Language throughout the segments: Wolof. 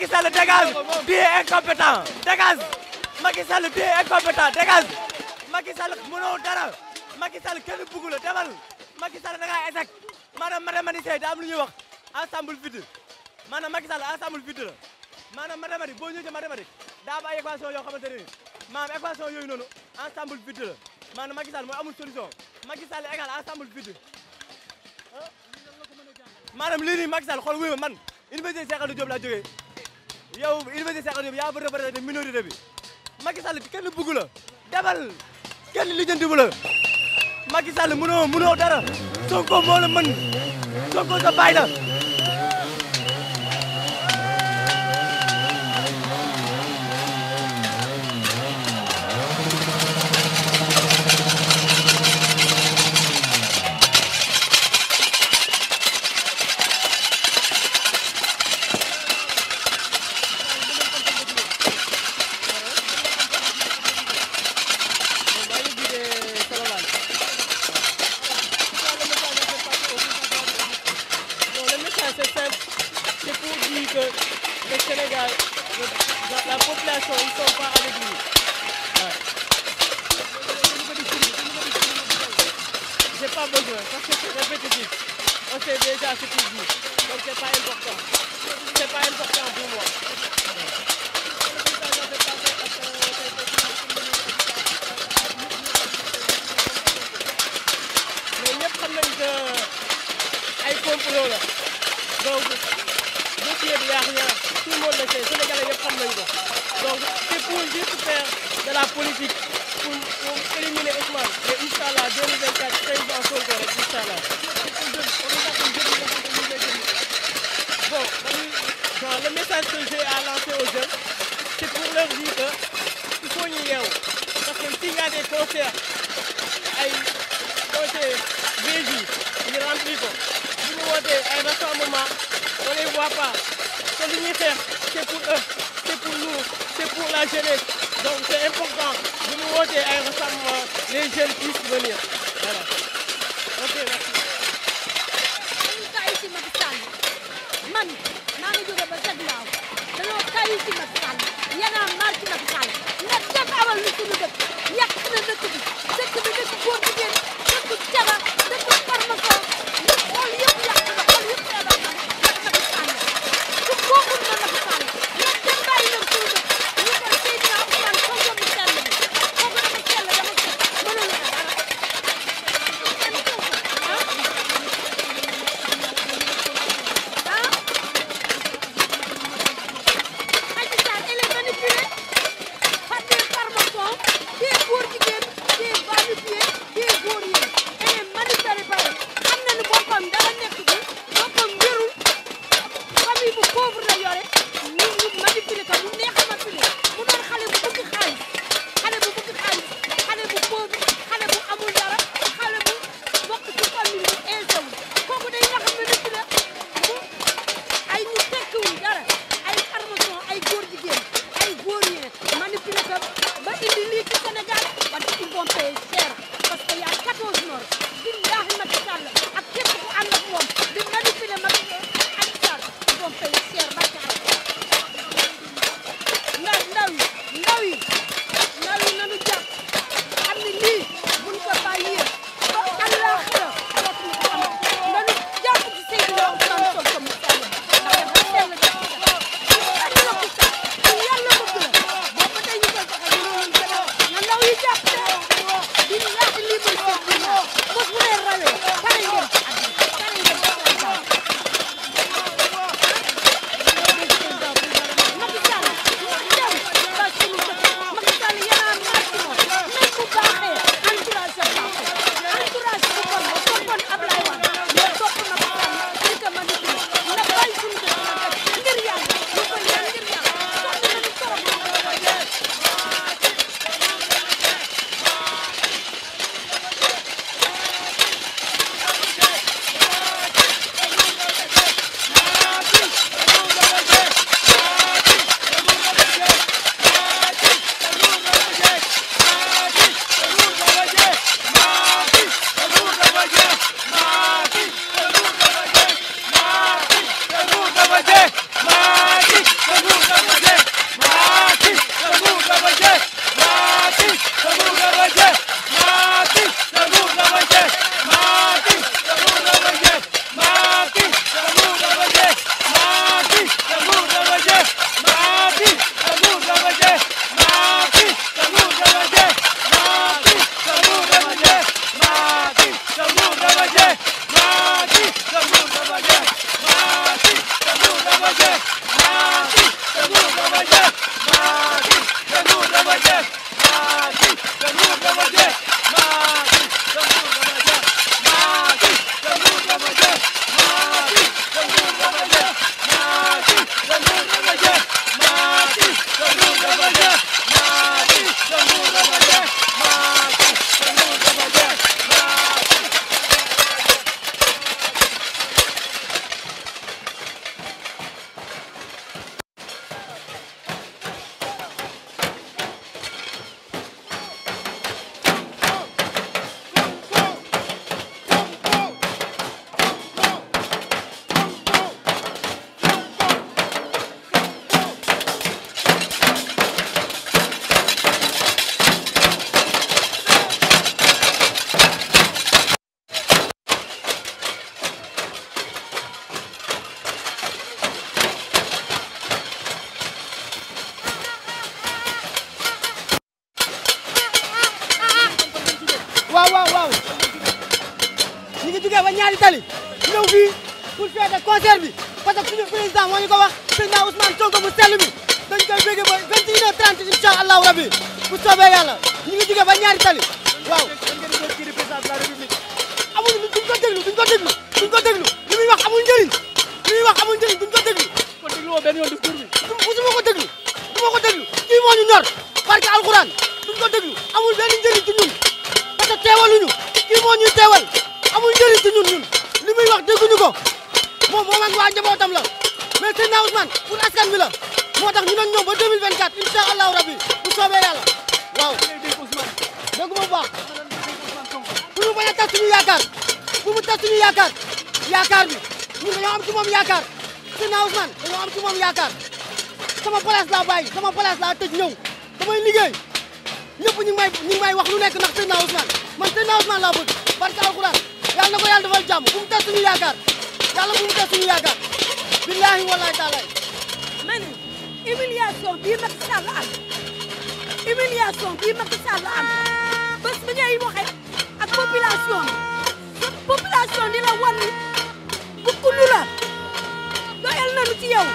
Macky Sall dégage tu es incompétent dégage Macky Sall tu es incompétent dégage Macky Sall mënoo dara Macky Sall kenn bëggu la demal Macky Sall da ngaa échec maanaam mathématicien da am lu ñuy wax ensemble vide maanaam Macky Sall ensemble vide la maanaam mathématique boo ñëwee ci mathématique daa am ay équation yoo xamante ne maanaam équation yooyu noonu ensemble vide la maanaam Macky Sall mooy amul solution Macky Sall égal ensemble vide maanaam lii nii Macky Sall xool wuyu ma man université Cheikh Anta Diop laa jógee yow université Cheikh Anta Diop yaa bëri représenté minorité bi Macky Sall kenn bëggu la demal kenn lijjantiwu la Macky Sall mënoo mënoo dara Sonko moo la mën Sonko sa baay le Sénégal, la, population, ils ne pas avec J'ai pas besoin, parce que c'est répétitif. On sait déjà ce qu'ils Donc c'est pas important. pour moi. Mais ñëpp xam nañ que ay complot donc dossier bi yaax ñaar tout le monde le sait Sénégalais yëpp xam nañu donc c'est pour juste faire de la politique pour pour éliminer Ousmane mais incha allah 2024 président Sonko rek incha allah. bon genre le message que j'ai à lancer aux jeunes c'est pour leur dire que il faut ñu yeewu parce que s'il y a des ay concerts BJ ñu rempli ko bu ñu wootee ay rassemblement on les voit pas. que li c'est pour eux c'est pour nous c'est pour la jeunesse donc c'est important bu ñu wootee ay rassemblement les jeunes puissent venir voilà ok merci. man maa ngi jóge ba Seck Mbao dañoo kaay ci Macky Yeah. ñaari tali ñëw fii pour feete concert bi parce que suñu président moo ñu ko wax président Ousmane Sonko mu sell mi dañ koy bëgg ba 21 heures 30 incha allahu rabi bu soobee yàlla ñu ngi jóge ba ñaari tali waaw. amul duñ ko déglu duñ ko déglu duñ ko déglu li muy wax amul njëriñ li muy wax amul njëriñ duñ ko déglu. kon déglu woo benn yoon du tur bi. du ma ko déglu du ma ko déglu kii moo ñu ñor parce que alxuraan duñ ko déglu amul benn njëriñ ci ñun parce que teewaluñu kii moo ñuy teewal. njëriñ ci ñun ñun li muy wax dégguñu ko moom moom ak waa njabootam la mais sëñ naa Ousmane pour askan bi la moo tax ñu doon ñoom ba 2024 incha allahu rabi bu soobee yàlla waaw. dégg ma bu baax mu bañ a tas suñu yaakaar pour mu tas suñu yaakaar yaakaar bi ñun dañoo am ci moom yaakaar sëñ naa Ousmane dañoo am ci moom yaakaar sama place laa bàyyi sama place laa tëj ñëw damay liggéey ñëpp ñu ngi may ñu may wax lu nekk ndax sëñ naa man sëñ naa Ousmane laa yàlla ko yàlla defal jàmm bu mu des suñu yaakaar yàlla bu mu des billaahi wallaahi taalaay ma ne humiliation bii am humiliation bii Macky am bés bi ngay waxee ak population di la wan bukkulu la doyal nañu ci yow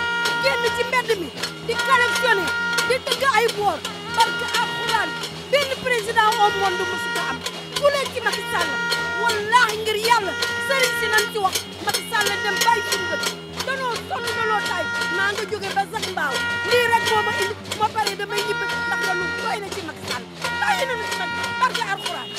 génn ci mbedd mi di collectionné di dëgg ay boor parce que alxuraan benn président au monde mosu ko am ku leen ci Macky Sall wallaahi ngir yàlla sëriñ si nañ ci wax Macky Sall dem bàyyi suñu bët danoo sonn na loo taay naa nga jóge ba sax mbaaw lii rek moo ma indi ma pare damay ñibbi ndax loolu doy na ci Macky Sall bàyyi nañu ci nag barke alxuraan